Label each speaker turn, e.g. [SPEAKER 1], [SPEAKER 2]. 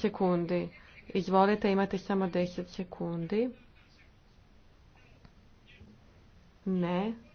[SPEAKER 1] sekundi. Izvolite, imate samo 10 sekundi. Ne.